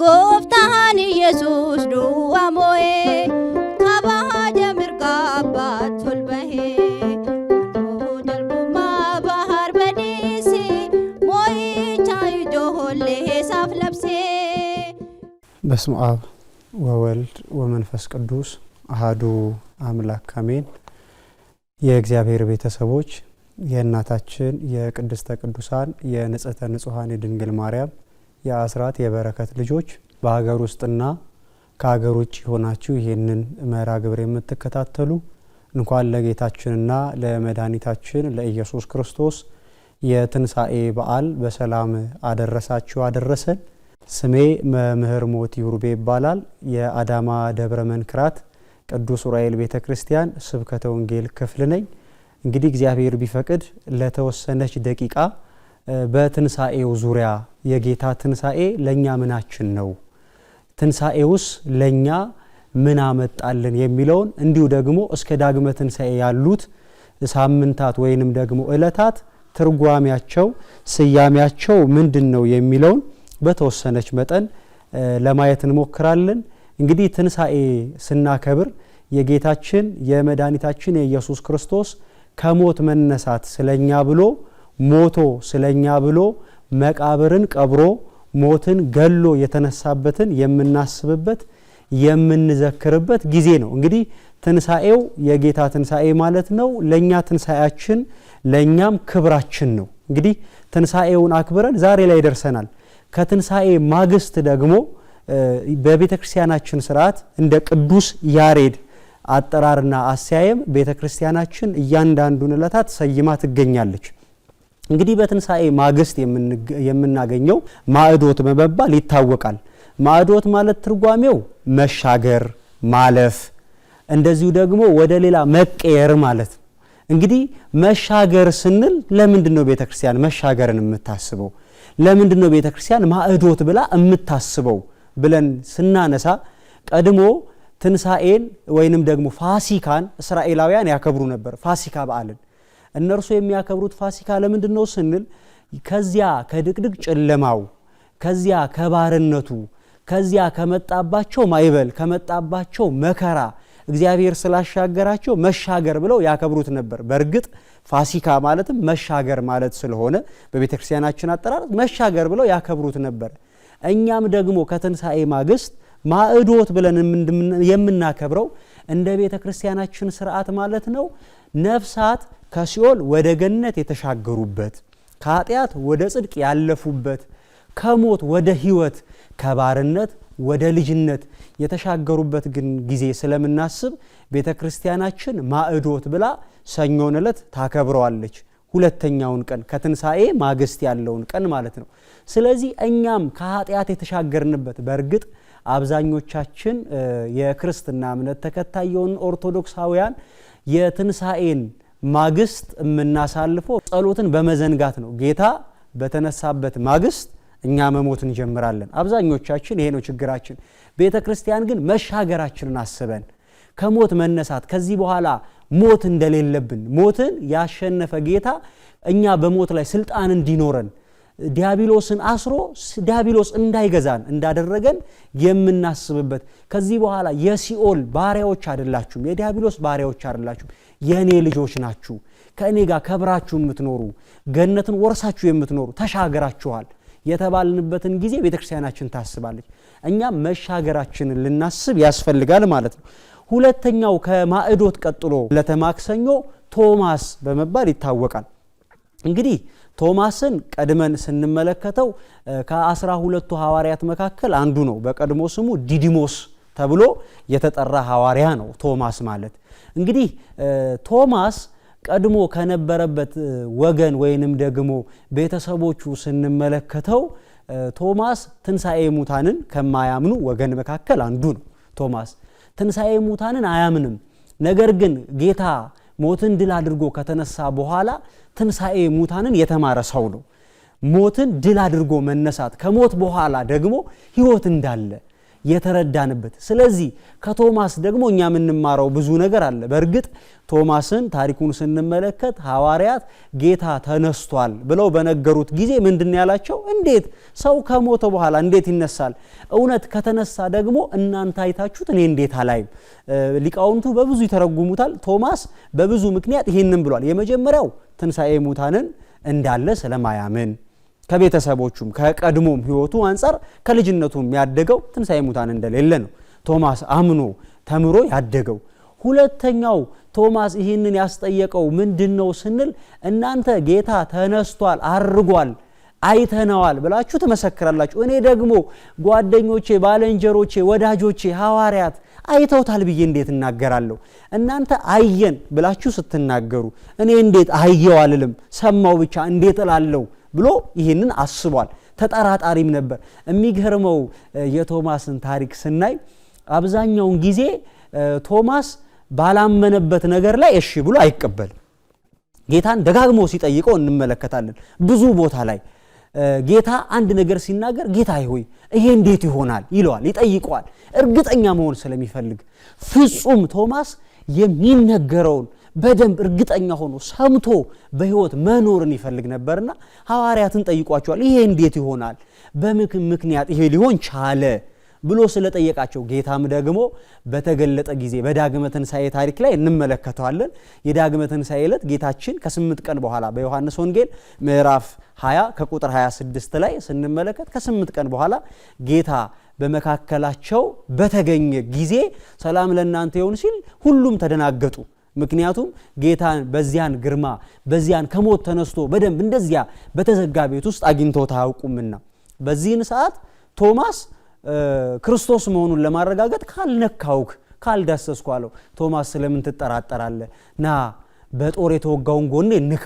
ጎፍታን ኢየሱስ ዱዋሞዬ ካባሃ ጀምር ጋባት ቶልበሄ ደርቡማ ባህር በዲሲ ሞይቻዩ ጆሆሌ ሳፍ ለብሴ በስመ አብ ወወልድ ወመንፈስ ቅዱስ አሃዱ አምላክ አሜን። የእግዚአብሔር ቤተሰቦች የእናታችን የቅድስተ ቅዱሳን የንጽህተ ንጹሐን የድንግል ማርያም የአስራት የበረከት ልጆች በሀገር ውስጥና ከሀገር ውጭ የሆናችሁ ይህንን መርሃ ግብር የምትከታተሉ እንኳን ለጌታችንና ለመድኃኒታችን ለኢየሱስ ክርስቶስ የትንሣኤ በዓል በሰላም አደረሳችሁ አደረሰን። ስሜ መምህር ሞት ይሩቤ ይባላል። የአዳማ ደብረ መንክራት ቅዱስ ዑራኤል ቤተ ክርስቲያን ስብከተ ወንጌል ክፍል ነኝ። እንግዲህ እግዚአብሔር ቢፈቅድ ለተወሰነች ደቂቃ በትንሣኤው ዙሪያ የጌታ ትንሣኤ ለእኛ ምናችን ነው፣ ትንሣኤውስ ለእኛ ምን አመጣልን የሚለውን እንዲሁ ደግሞ እስከ ዳግመ ትንሣኤ ያሉት ሳምንታት ወይንም ደግሞ ዕለታት ትርጓሚያቸው፣ ስያሜያቸው ምንድን ነው የሚለውን በተወሰነች መጠን ለማየት እንሞክራለን። እንግዲህ ትንሣኤ ስናከብር የጌታችን የመድኃኒታችን የኢየሱስ ክርስቶስ ከሞት መነሳት ስለኛ ብሎ ሞቶ ስለኛ ብሎ መቃብርን ቀብሮ ሞትን ገሎ የተነሳበትን የምናስብበት የምንዘክርበት ጊዜ ነው። እንግዲህ ትንሣኤው የጌታ ትንሣኤ ማለት ነው። ለእኛ ትንሣኤያችን ለእኛም ክብራችን ነው። እንግዲህ ትንሣኤውን አክብረን ዛሬ ላይ ደርሰናል። ከትንሣኤ ማግስት ደግሞ በቤተ ክርስቲያናችን ስርዓት እንደ ቅዱስ ያሬድ አጠራርና አሰያየም ቤተ ክርስቲያናችን እያንዳንዱን ዕለታት ሰይማ ትገኛለች። እንግዲህ በትንሣኤ ማግስት የምናገኘው ማዕዶት በመባል ይታወቃል። ማዕዶት ማለት ትርጓሜው መሻገር፣ ማለፍ፣ እንደዚሁ ደግሞ ወደ ሌላ መቀየር ማለት ነው። እንግዲህ መሻገር ስንል ለምንድን ነው ቤተ ክርስቲያን መሻገርን የምታስበው? ለምንድን ነው ቤተ ክርስቲያን ማዕዶት ብላ የምታስበው ብለን ስናነሳ ቀድሞ ትንሣኤን ወይንም ደግሞ ፋሲካን እስራኤላውያን ያከብሩ ነበር። ፋሲካ በዓልን እነርሱ የሚያከብሩት ፋሲካ ለምንድን ነው ስንል ከዚያ ከድቅድቅ ጨለማው ከዚያ ከባርነቱ ከዚያ ከመጣባቸው ማይበል ከመጣባቸው መከራ እግዚአብሔር ስላሻገራቸው መሻገር ብለው ያከብሩት ነበር። በእርግጥ ፋሲካ ማለትም መሻገር ማለት ስለሆነ በቤተ ክርስቲያናችን አጠራር መሻገር ብለው ያከብሩት ነበር። እኛም ደግሞ ከትንሣኤ ማግስት ማዕዶት ብለን የምናከብረው እንደ ቤተ ክርስቲያናችን ስርዓት ማለት ነው። ነፍሳት ከሲኦል ወደ ገነት የተሻገሩበት፣ ከኃጢአት ወደ ጽድቅ ያለፉበት፣ ከሞት ወደ ህይወት ከባርነት ወደ ልጅነት የተሻገሩበት ግን ጊዜ ስለምናስብ ቤተ ክርስቲያናችን ማዕዶት ብላ ሰኞን ዕለት ታከብረዋለች። ሁለተኛውን ቀን ከትንሣኤ ማግስት ያለውን ቀን ማለት ነው። ስለዚህ እኛም ከኃጢአት የተሻገርንበት በእርግጥ አብዛኞቻችን የክርስትና እምነት ተከታይ የሆኑ ኦርቶዶክሳውያን የትንሣኤን ማግስት የምናሳልፈው ጸሎትን በመዘንጋት ነው። ጌታ በተነሳበት ማግስት እኛ መሞት እንጀምራለን። አብዛኞቻችን ይሄ ነው ችግራችን። ቤተ ክርስቲያን ግን መሻገራችንን አስበን ከሞት መነሳት ከዚህ በኋላ ሞት እንደሌለብን ሞትን ያሸነፈ ጌታ እኛ በሞት ላይ ስልጣን እንዲኖረን ዲያብሎስን አስሮ ዲያብሎስ እንዳይገዛን እንዳደረገን የምናስብበት ከዚህ በኋላ የሲኦል ባሪያዎች አይደላችሁም፣ የዲያብሎስ ባሪያዎች አይደላችሁም፣ የእኔ ልጆች ናችሁ፣ ከእኔ ጋር ከብራችሁ የምትኖሩ ገነትን ወርሳችሁ የምትኖሩ ተሻገራችኋል የተባልንበትን ጊዜ ቤተ ክርስቲያናችን ታስባለች። እኛም መሻገራችንን ልናስብ ያስፈልጋል ማለት ነው። ሁለተኛው ከማዕዶት ቀጥሎ ለተማክሰኞ ቶማስ በመባል ይታወቃል። እንግዲህ ቶማስን ቀድመን ስንመለከተው ከአስራ ሁለቱ ሐዋርያት መካከል አንዱ ነው። በቀድሞ ስሙ ዲዲሞስ ተብሎ የተጠራ ሐዋርያ ነው ቶማስ ማለት። እንግዲህ ቶማስ ቀድሞ ከነበረበት ወገን ወይንም ደግሞ ቤተሰቦቹ ስንመለከተው ቶማስ ትንሣኤ ሙታንን ከማያምኑ ወገን መካከል አንዱ ነው። ቶማስ ትንሣኤ ሙታንን አያምንም። ነገር ግን ጌታ ሞትን ድል አድርጎ ከተነሳ በኋላ ትንሣኤ ሙታንን የተማረ ሰው ነው። ሞትን ድል አድርጎ መነሳት ከሞት በኋላ ደግሞ ሕይወት እንዳለ የተረዳንበት። ስለዚህ ከቶማስ ደግሞ እኛ የምንማረው ብዙ ነገር አለ። በእርግጥ ቶማስን ታሪኩን ስንመለከት ሐዋርያት ጌታ ተነስቷል ብለው በነገሩት ጊዜ ምንድን ያላቸው? እንዴት ሰው ከሞተ በኋላ እንዴት ይነሳል? እውነት ከተነሳ ደግሞ እናንተ አይታችሁት እኔ እንዴት አላይም? ሊቃውንቱ በብዙ ይተረጉሙታል። ቶማስ በብዙ ምክንያት ይህንም ብሏል። የመጀመሪያው ትንሣኤ ሙታንን እንዳለ ስለማያምን ከቤተሰቦቹም ከቀድሞም ህይወቱ አንጻር ከልጅነቱም ያደገው ትንሣኤ ሙታን እንደሌለ ነው ቶማስ አምኖ ተምሮ ያደገው። ሁለተኛው ቶማስ ይህንን ያስጠየቀው ምንድን ነው ስንል እናንተ ጌታ ተነስቷል፣ አርጓል፣ አይተነዋል ብላችሁ ትመሰክራላችሁ። እኔ ደግሞ ጓደኞቼ፣ ባለንጀሮቼ፣ ወዳጆቼ ሐዋርያት አይተውታል ብዬ እንዴት እናገራለሁ? እናንተ አየን ብላችሁ ስትናገሩ እኔ እንዴት አየው አልልም፣ ሰማው ብቻ እንዴት እላለሁ? ብሎ ይህንን አስቧል። ተጠራጣሪም ነበር። የሚገርመው የቶማስን ታሪክ ስናይ አብዛኛውን ጊዜ ቶማስ ባላመነበት ነገር ላይ እሺ ብሎ አይቀበልም። ጌታን ደጋግሞ ሲጠይቀው እንመለከታለን። ብዙ ቦታ ላይ ጌታ አንድ ነገር ሲናገር ጌታ ሆይ ይሄ እንዴት ይሆናል ይለዋል፣ ይጠይቀዋል። እርግጠኛ መሆን ስለሚፈልግ ፍጹም ቶማስ የሚነገረውን በደንብ እርግጠኛ ሆኖ ሰምቶ በህይወት መኖርን ይፈልግ ነበርና ሐዋርያትን ጠይቋቸዋል። ይሄ እንዴት ይሆናል? በምክ ምክንያት ይሄ ሊሆን ቻለ ብሎ ስለጠየቃቸው ጌታም ደግሞ በተገለጠ ጊዜ በዳግመ ትንሣኤ ታሪክ ላይ እንመለከተዋለን። የዳግመ ትንሣኤ ዕለት ጌታችን ከስምንት ቀን በኋላ በዮሐንስ ወንጌል ምዕራፍ 20 ከቁጥር 26 ላይ ስንመለከት ከስምንት ቀን በኋላ ጌታ በመካከላቸው በተገኘ ጊዜ ሰላም ለእናንተ ይሁን ሲል ሁሉም ተደናገጡ። ምክንያቱም ጌታን በዚያን ግርማ በዚያን ከሞት ተነስቶ በደንብ እንደዚያ በተዘጋ ቤት ውስጥ አግኝቶ ታያውቁምና በዚህን ሰዓት ቶማስ ክርስቶስ መሆኑን ለማረጋገጥ ካልነካውክ ካልዳሰስኩ አለው። ቶማስ ስለምን ትጠራጠራለ ና በጦር የተወጋውን ጎኔ ንካ፣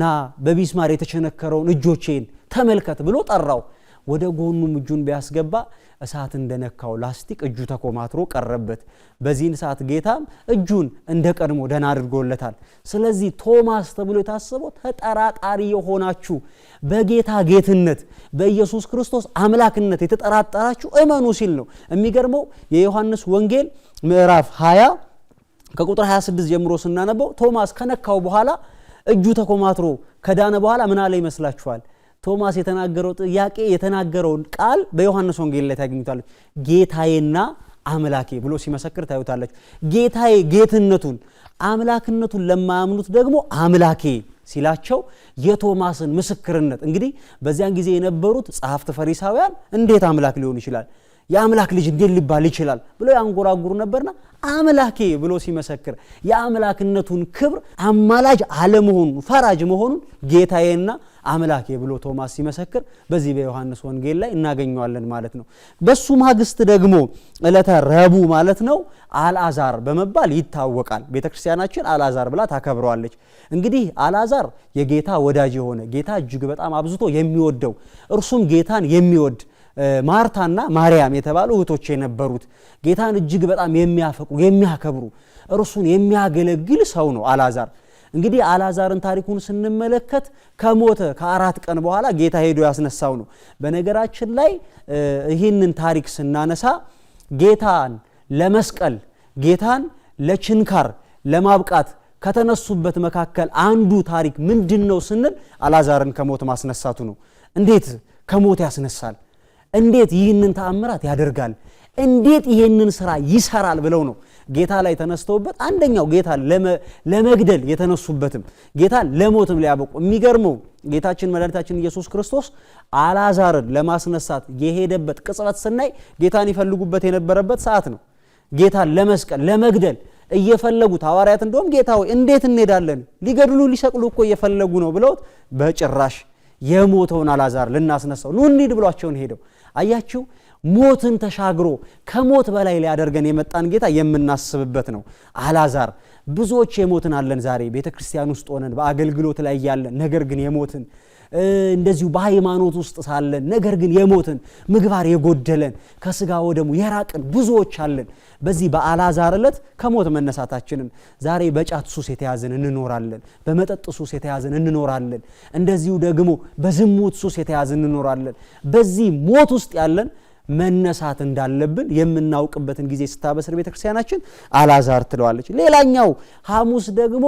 ና በቢስማር የተቸነከረውን እጆቼን ተመልከት ብሎ ጠራው። ወደ ጎኑም እጁን ቢያስገባ እሳት እንደነካው ላስቲክ እጁ ተኮማትሮ ቀረበት። በዚህን ሰዓት ጌታም እጁን እንደ ቀድሞ ደህና አድርጎለታል። ስለዚህ ቶማስ ተብሎ የታሰበው ተጠራጣሪ የሆናችሁ በጌታ ጌትነት በኢየሱስ ክርስቶስ አምላክነት የተጠራጠራችሁ እመኑ ሲል ነው። የሚገርመው የዮሐንስ ወንጌል ምዕራፍ 20 ከቁጥር 26 ጀምሮ ስናነበው ቶማስ ከነካው በኋላ እጁ ተኮማትሮ ከዳነ በኋላ ምን አለ ይመስላችኋል? ቶማስ የተናገረው ጥያቄ የተናገረውን ቃል በዮሐንስ ወንጌል ላይ ታገኙታለች። ጌታዬና አምላኬ ብሎ ሲመሰክር ታዩታለች። ጌታዬ ጌትነቱን አምላክነቱን ለማያምኑት ደግሞ አምላኬ ሲላቸው የቶማስን ምስክርነት እንግዲህ በዚያን ጊዜ የነበሩት ጸሐፍት ፈሪሳውያን እንዴት አምላክ ሊሆን ይችላል የአምላክ ልጅ እንዴት ሊባል ይችላል ብሎ ያንጎራጉሩ ነበርና አምላኬ ብሎ ሲመሰክር የአምላክነቱን ክብር አማላጅ አለመሆኑ ፈራጅ መሆኑን ጌታዬና አምላኬ ብሎ ቶማስ ሲመሰክር በዚህ በዮሐንስ ወንጌል ላይ እናገኘዋለን ማለት ነው። በሱ ማግስት ደግሞ እለተ ረቡ ማለት ነው አልአዛር በመባል ይታወቃል። ቤተ ክርስቲያናችን አልአዛር ብላ ታከብረዋለች። እንግዲህ አልአዛር የጌታ ወዳጅ የሆነ ጌታ እጅግ በጣም አብዝቶ የሚወደው እርሱም ጌታን የሚወድ ማርታና ማርያም የተባሉ እህቶች የነበሩት ጌታን እጅግ በጣም የሚያፈቁ የሚያከብሩ እርሱን የሚያገለግል ሰው ነው አላዛር እንግዲህ አላዛርን ታሪኩን ስንመለከት ከሞተ ከአራት ቀን በኋላ ጌታ ሄዶ ያስነሳው ነው። በነገራችን ላይ ይህንን ታሪክ ስናነሳ ጌታን ለመስቀል ጌታን ለችንካር ለማብቃት ከተነሱበት መካከል አንዱ ታሪክ ምንድን ነው ስንል አላዛርን ከሞት ማስነሳቱ ነው። እንዴት ከሞት ያስነሳል? እንዴት ይህንን ተአምራት ያደርጋል እንዴት ይሄንን ስራ ይሰራል ብለው ነው ጌታ ላይ ተነስተውበት አንደኛው ጌታ ለመግደል የተነሱበትም ጌታ ለሞትም ሊያበቁ የሚገርመው ጌታችን መድኃኒታችን ኢየሱስ ክርስቶስ አላዛርን ለማስነሳት የሄደበት ቅጽበት ስናይ ጌታን ይፈልጉበት የነበረበት ሰዓት ነው። ጌታን ለመስቀል ለመግደል እየፈለጉት ሐዋርያት እንደውም ጌታ ሆይ እንዴት እንሄዳለን? ሊገድሉ ሊሰቅሉ እኮ እየፈለጉ ነው ብለውት በጭራሽ የሞተውን አላዛር ልናስነሳው ኑ እንሂድ ብሏቸውን ሄደው አያችሁ ሞትን ተሻግሮ ከሞት በላይ ሊያደርገን የመጣን ጌታ የምናስብበት ነው። አላዛር ብዙዎች የሞትን አለን ዛሬ ቤተ ክርስቲያን ውስጥ ሆነን በአገልግሎት ላይ ያለን ነገር ግን የሞትን እንደዚሁ በሃይማኖት ውስጥ ሳለን ነገር ግን የሞትን ምግባር የጎደለን ከስጋ ወደሙ የራቅን ብዙዎች አለን። በዚህ በአልዓዛር ዕለት ከሞት መነሳታችንን ዛሬ በጫት ሱስ የተያዝን እንኖራለን፣ በመጠጥ ሱስ የተያዝን እንኖራለን፣ እንደዚሁ ደግሞ በዝሙት ሱስ የተያዝን እንኖራለን። በዚህ ሞት ውስጥ ያለን መነሳት እንዳለብን የምናውቅበትን ጊዜ ስታበስር ቤተክርስቲያናችን አላዛር ትለዋለች። ሌላኛው ሐሙስ ደግሞ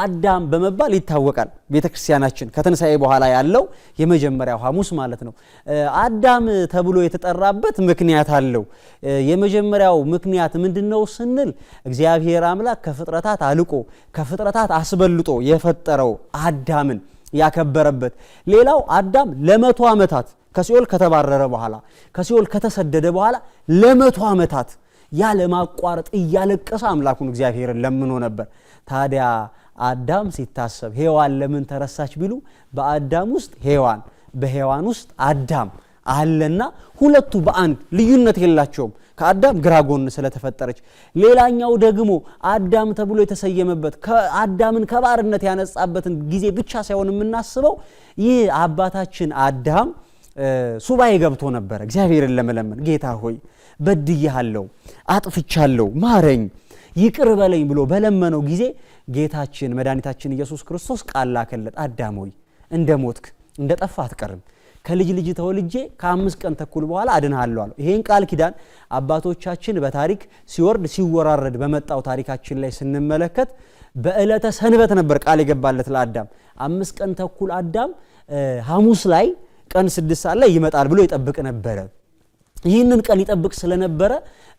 አዳም በመባል ይታወቃል። ቤተ ክርስቲያናችን ከትንሣኤ በኋላ ያለው የመጀመሪያው ሐሙስ ማለት ነው። አዳም ተብሎ የተጠራበት ምክንያት አለው። የመጀመሪያው ምክንያት ምንድን ነው ስንል እግዚአብሔር አምላክ ከፍጥረታት አልቆ ከፍጥረታት አስበልጦ የፈጠረው አዳምን ያከበረበት። ሌላው አዳም ለመቶ ዓመታት ከሲኦል ከተባረረ በኋላ ከሲኦል ከተሰደደ በኋላ ለመቶ ዓመታት ያለማቋረጥ እያለቀሰ አምላኩን እግዚአብሔርን ለምኖ ነበር። ታዲያ አዳም ሲታሰብ ሄዋን ለምን ተረሳች ቢሉ በአዳም ውስጥ ሄዋን በሄዋን ውስጥ አዳም አለና ሁለቱ በአንድ ልዩነት የላቸውም። ከአዳም ግራ ጎን ስለተፈጠረች። ሌላኛው ደግሞ አዳም ተብሎ የተሰየመበት አዳምን ከባርነት ያነጻበትን ጊዜ ብቻ ሳይሆን የምናስበው ይህ አባታችን አዳም ሱባኤ ገብቶ ነበረ። እግዚአብሔርን ለመለመን ጌታ ሆይ አጥፍቻ አጥፍቻለሁ፣ ማረኝ ይቅር በለኝ ብሎ በለመነው ጊዜ ጌታችን መድኃኒታችን ኢየሱስ ክርስቶስ ቃል ላከለት፣ አዳም ሆይ እንደ ሞትክ እንደ ጠፋ አትቀርም ከልጅ ልጅ ተወልጄ ከአምስት ቀን ተኩል በኋላ አድንሃለሁ አለው። ይሄን ቃል ኪዳን አባቶቻችን በታሪክ ሲወርድ ሲወራረድ በመጣው ታሪካችን ላይ ስንመለከት በዕለተ ሰንበት ነበር ቃል የገባለት ለአዳም አምስት ቀን ተኩል አዳም ሐሙስ ላይ ቀን ስድስት ሰዓት ላይ ይመጣል ብሎ ይጠብቅ ነበረ። ይህንን ቀን ይጠብቅ ስለነበረ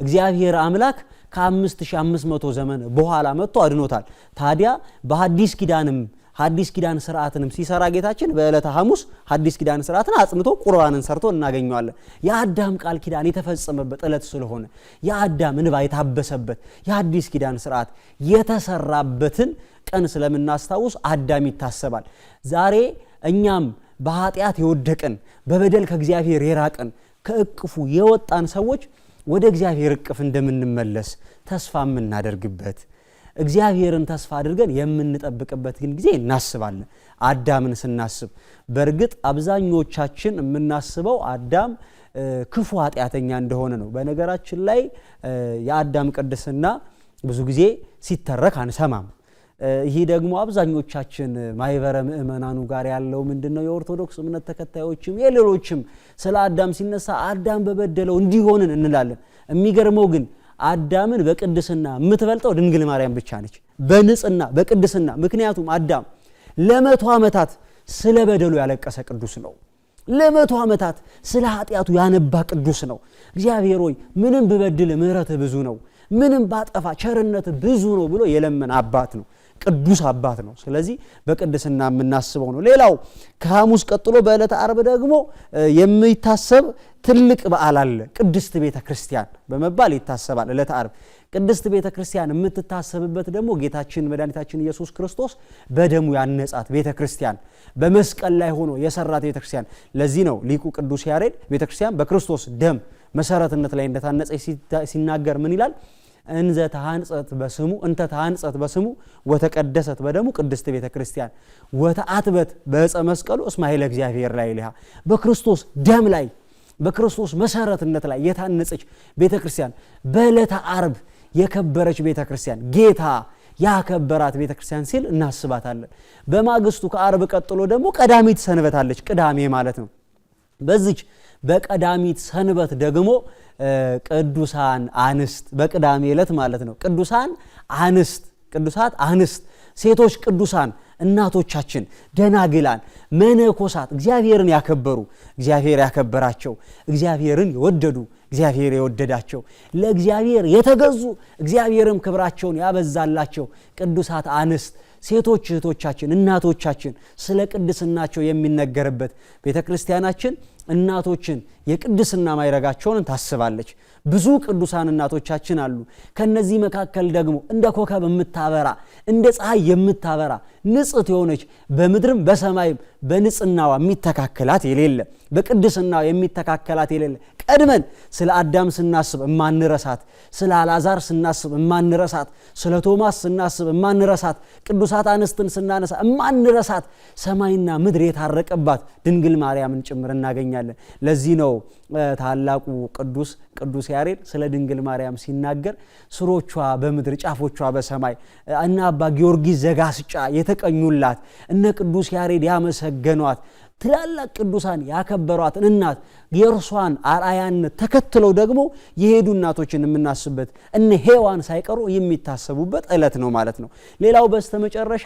እግዚአብሔር አምላክ ከ5500 ዘመን በኋላ መጥቶ አድኖታል። ታዲያ በሐዲስ ኪዳንም ሐዲስ ኪዳን ስርዓትንም ሲሰራ ጌታችን በዕለተ ሐሙስ ሐዲስ ኪዳን ስርዓትን አጽንቶ ቁርባንን ሰርቶ እናገኘዋለን። የአዳም ቃል ኪዳን የተፈጸመበት ዕለት ስለሆነ የአዳም እንባ የታበሰበት የሐዲስ ኪዳን ስርዓት የተሰራበትን ቀን ስለምናስታውስ አዳም ይታሰባል። ዛሬ እኛም በኃጢአት የወደቅን በበደል ከእግዚአብሔር የራቅን ከእቅፉ የወጣን ሰዎች ወደ እግዚአብሔር እቅፍ እንደምንመለስ ተስፋ የምናደርግበት እግዚአብሔርን ተስፋ አድርገን የምንጠብቅበት ግን ጊዜ እናስባለን። አዳምን ስናስብ በእርግጥ አብዛኞቻችን የምናስበው አዳም ክፉ ኃጢአተኛ እንደሆነ ነው። በነገራችን ላይ የአዳም ቅድስና ብዙ ጊዜ ሲተረክ አንሰማም። ይህ ደግሞ አብዛኞቻችን ማይበረ ምእመናኑ ጋር ያለው ምንድን ነው? የኦርቶዶክስ እምነት ተከታዮችም የሌሎችም ስለ አዳም ሲነሳ አዳም በበደለው እንዲሆንን እንላለን። የሚገርመው ግን አዳምን በቅድስና የምትበልጠው ድንግል ማርያም ብቻ ነች፣ በንጽህና በቅድስና። ምክንያቱም አዳም ለመቶ ዓመታት ስለ በደሉ ያለቀሰ ቅዱስ ነው። ለመቶ ዓመታት ስለ ኃጢአቱ ያነባ ቅዱስ ነው። እግዚአብሔር ሆይ ምንም ብበድል ምረት ብዙ ነው፣ ምንም ባጠፋ ቸርነት ብዙ ነው ብሎ የለመን አባት ነው። ቅዱስ አባት ነው። ስለዚህ በቅድስና የምናስበው ነው። ሌላው ከሐሙስ ቀጥሎ በዕለተ አርብ ደግሞ የሚታሰብ ትልቅ በዓል አለ። ቅድስት ቤተ ክርስቲያን በመባል ይታሰባል። ዕለተ አርብ ቅድስት ቤተ ክርስቲያን የምትታሰብበት ደግሞ ጌታችን መድኃኒታችን ኢየሱስ ክርስቶስ በደሙ ያነጻት ቤተ ክርስቲያን በመስቀል ላይ ሆኖ የሰራት ቤተ ክርስቲያን። ለዚህ ነው ሊቁ ቅዱስ ያሬድ ቤተ ክርስቲያን በክርስቶስ ደም መሰረትነት ላይ እንደታነጸ ሲናገር ምን ይላል? እንዘ ተሃንጸት በስሙ እንተ ተሃንጸት በስሙ ወተቀደሰት በደሙ ቅድስት ቤተ ክርስቲያን ወተአትበት በእፀ መስቀሉ እስማኤል እግዚአብሔር ላይ ልሃ በክርስቶስ ደም ላይ በክርስቶስ መሰረትነት ላይ የታነጸች ቤተ ክርስቲያን በዕለተ አርብ የከበረች ቤተ ክርስቲያን ጌታ ያከበራት ቤተ ክርስቲያን ሲል እናስባታለን። በማግስቱ ከአርብ ቀጥሎ ደግሞ ቀዳሚት ሰንበታለች ቅዳሜ ማለት ነው። በዚች በቀዳሚት ሰንበት ደግሞ ቅዱሳን አንስት በቅዳሜ ዕለት ማለት ነው። ቅዱሳን አንስት ቅዱሳት አንስት ሴቶች ቅዱሳን እናቶቻችን ደናግላን፣ መነኮሳት እግዚአብሔርን ያከበሩ እግዚአብሔር ያከበራቸው እግዚአብሔርን የወደዱ እግዚአብሔር የወደዳቸው ለእግዚአብሔር የተገዙ እግዚአብሔርም ክብራቸውን ያበዛላቸው ቅዱሳት አንስት ሴቶች እህቶቻችን እናቶቻችን ስለ ቅድስናቸው የሚነገርበት ቤተ ክርስቲያናችን እናቶችን የቅድስና ማይረጋቸውን ታስባለች። ብዙ ቅዱሳን እናቶቻችን አሉ። ከነዚህ መካከል ደግሞ እንደ ኮከብ የምታበራ እንደ ፀሐይ የምታበራ ንጽት የሆነች በምድርም በሰማይም በንጽናዋ የሚተካከላት የሌለ በቅድስናዋ የሚተካከላት የሌለ ቀድመን ስለ አዳም ስናስብ እማንረሳት፣ ስለ አልዓዛር ስናስብ እማንረሳት፣ ስለ ቶማስ ስናስብ እማንረሳት፣ ቅዱሳት አንስትን ስናነሳ እማንረሳት ሰማይና ምድር የታረቀባት ድንግል ማርያምን ጭምር እናገኛለን። ለዚህ ነው know ታላቁ ቅዱስ ቅዱስ ያሬድ ስለ ድንግል ማርያም ሲናገር ስሮቿ በምድር ጫፎቿ በሰማይ እነ አባ ጊዮርጊስ ዘጋስጫ የተቀኙላት እነ ቅዱስ ያሬድ ያመሰገኗት ትላላቅ ቅዱሳን ያከበሯትን እናት የእርሷን አርአያነት ተከትለው ደግሞ የሄዱ እናቶችን የምናስበት እነ ሔዋን ሳይቀሩ የሚታሰቡበት እለት ነው ማለት ነው። ሌላው በስተመጨረሻ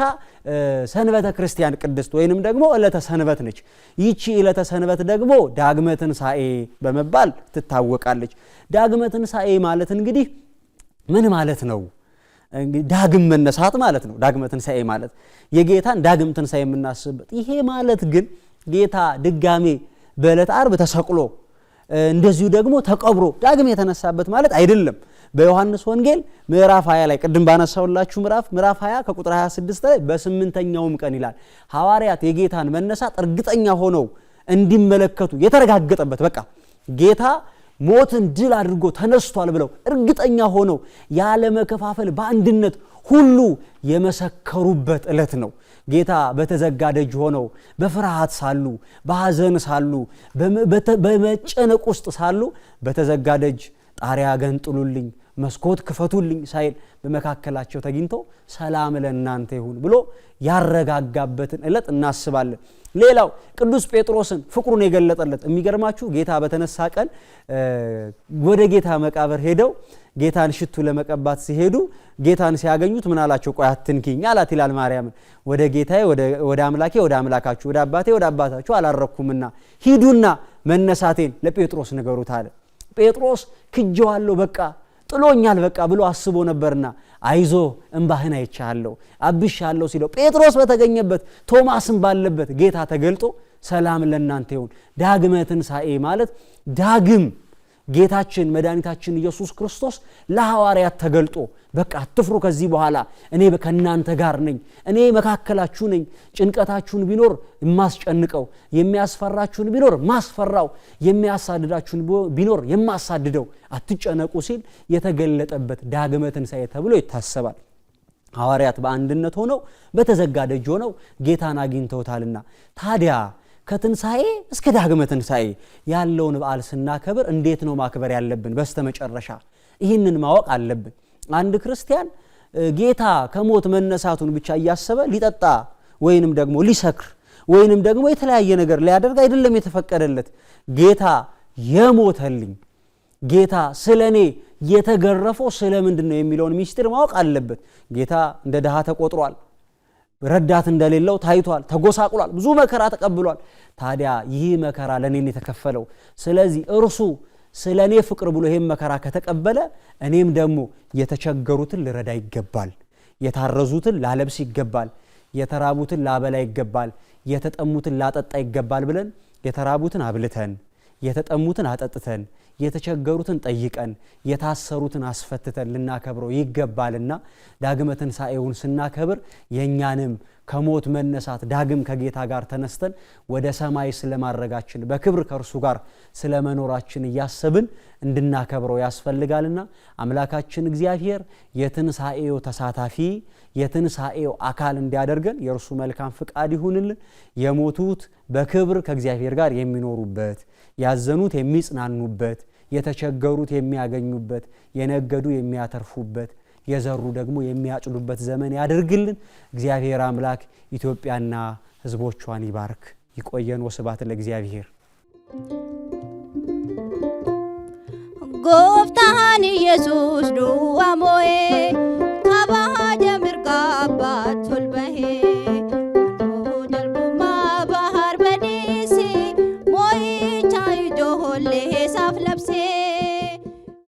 ሰንበተ ክርስቲያን ቅድስት ወይንም ደግሞ እለተ ሰንበት ነች። ይቺ እለተ ሰንበት ደግሞ ዳግመ ትንሣኤ በመባል ትታወቃለች። ዳግመ ትንሣኤ ማለት እንግዲህ ምን ማለት ነው? ዳግም መነሳት ማለት ነው። ዳግመ ትንሣኤ ማለት የጌታን ዳግም ትንሣኤ የምናስብበት። ይሄ ማለት ግን ጌታ ድጋሜ በዕለት አርብ ተሰቅሎ እንደዚሁ ደግሞ ተቀብሮ ዳግም የተነሳበት ማለት አይደለም። በዮሐንስ ወንጌል ምዕራፍ 20 ላይ ቅድም ባነሳውላችሁ ምዕራፍ ምዕራፍ 20 ከቁጥር 26 ላይ በስምንተኛውም ቀን ይላል ሐዋርያት የጌታን መነሳት እርግጠኛ ሆነው እንዲመለከቱ የተረጋገጠበት በቃ ጌታ ሞትን ድል አድርጎ ተነስቷል ብለው እርግጠኛ ሆነው ያለመከፋፈል በአንድነት ሁሉ የመሰከሩበት ዕለት ነው። ጌታ በተዘጋ ደጅ ሆነው በፍርሃት ሳሉ፣ በሐዘን ሳሉ፣ በመጨነቅ ውስጥ ሳሉ በተዘጋ ደጅ ጣሪያ ገንጥሉልኝ መስኮት ክፈቱልኝ ሳይል በመካከላቸው ተግኝቶ ሰላም ለእናንተ ይሁን ብሎ ያረጋጋበትን እለት እናስባለን። ሌላው ቅዱስ ጴጥሮስን ፍቅሩን የገለጠለት የሚገርማችሁ ጌታ በተነሳ ቀን ወደ ጌታ መቃብር ሄደው ጌታን ሽቱ ለመቀባት ሲሄዱ ጌታን ሲያገኙት ምን አላቸው? ቆያትንኪኝ አላት ይላል ማርያምን። ወደ ጌታዬ ወደ አምላኬ ወደ አምላካችሁ ወደ አባቴ ወደ አባታችሁ አላረኩምና ሂዱና መነሳቴን ለጴጥሮስ ንገሩት አለ። ጴጥሮስ ክጀዋለሁ በቃ ጥሎኛል በቃ ብሎ አስቦ ነበርና አይዞ እምባህን አይቻለሁ አብሻለሁ ሲለው ጴጥሮስ በተገኘበት ቶማስም ባለበት ጌታ ተገልጦ ሰላም ለእናንተ ይሁን። ዳግመ ትንሣኤ ማለት ዳግም ጌታችን መድኃኒታችን ኢየሱስ ክርስቶስ ለሐዋርያት ተገልጦ በቃ አትፍሩ ከዚህ በኋላ እኔ ከእናንተ ጋር ነኝ እኔ መካከላችሁ ነኝ ጭንቀታችሁን ቢኖር የማስጨንቀው የሚያስፈራችሁን ቢኖር ማስፈራው የሚያሳድዳችሁን ቢኖር የማሳድደው አትጨነቁ ሲል የተገለጠበት ዳግመ ትንሣኤ ተብሎ ይታሰባል ሐዋርያት በአንድነት ሆነው በተዘጋ ደጅ ሆነው ጌታን አግኝተውታልና ታዲያ ከትንሣኤ እስከ ዳግመ ትንሣኤ ያለውን በዓል ስናከብር እንዴት ነው ማክበር ያለብን በስተመጨረሻ ይህንን ማወቅ አለብን አንድ ክርስቲያን ጌታ ከሞት መነሳቱን ብቻ እያሰበ ሊጠጣ ወይንም ደግሞ ሊሰክር ወይንም ደግሞ የተለያየ ነገር ሊያደርግ አይደለም የተፈቀደለት። ጌታ የሞተልኝ ጌታ ስለ እኔ የተገረፈው ስለ ምንድን ነው የሚለውን ሚስጢር ማወቅ አለበት። ጌታ እንደ ድሃ ተቆጥሯል። ረዳት እንደሌለው ታይቷል። ተጎሳቁሏል ብዙ መከራ ተቀብሏል። ታዲያ ይህ መከራ ለእኔን የተከፈለው ስለዚህ እርሱ ስለ እኔ ፍቅር ብሎ ይህም መከራ ከተቀበለ እኔም ደግሞ የተቸገሩትን ልረዳ ይገባል፣ የታረዙትን ላለብስ ይገባል፣ የተራቡትን ላበላ ይገባል፣ የተጠሙትን ላጠጣ ይገባል ብለን የተራቡትን አብልተን የተጠሙትን አጠጥተን የተቸገሩትን ጠይቀን የታሰሩትን አስፈትተን ልናከብረው ይገባልና ዳግመ ትንሣኤውን ስናከብር የእኛንም ከሞት መነሳት ዳግም ከጌታ ጋር ተነስተን ወደ ሰማይ ስለማድረጋችን በክብር ከእርሱ ጋር ስለመኖራችን እያሰብን እንድናከብረው ያስፈልጋልና አምላካችን እግዚአብሔር የትንሣኤው ተሳታፊ የትንሣኤው አካል እንዲያደርገን የእርሱ መልካም ፍቃድ ይሁንልን። የሞቱት በክብር ከእግዚአብሔር ጋር የሚኖሩበት፣ ያዘኑት የሚጽናኑበት፣ የተቸገሩት የሚያገኙበት፣ የነገዱ የሚያተርፉበት የዘሩ ደግሞ የሚያጭዱበት ዘመን ያደርግልን። እግዚአብሔር አምላክ ኢትዮጵያና ሕዝቦቿን ይባርክ። ይቆየን። ወስብሐት ለእግዚአብሔር። ጎፍታን ኢየሱስ ዱዋሞዬ ካባ ጀምር ቶልበሄ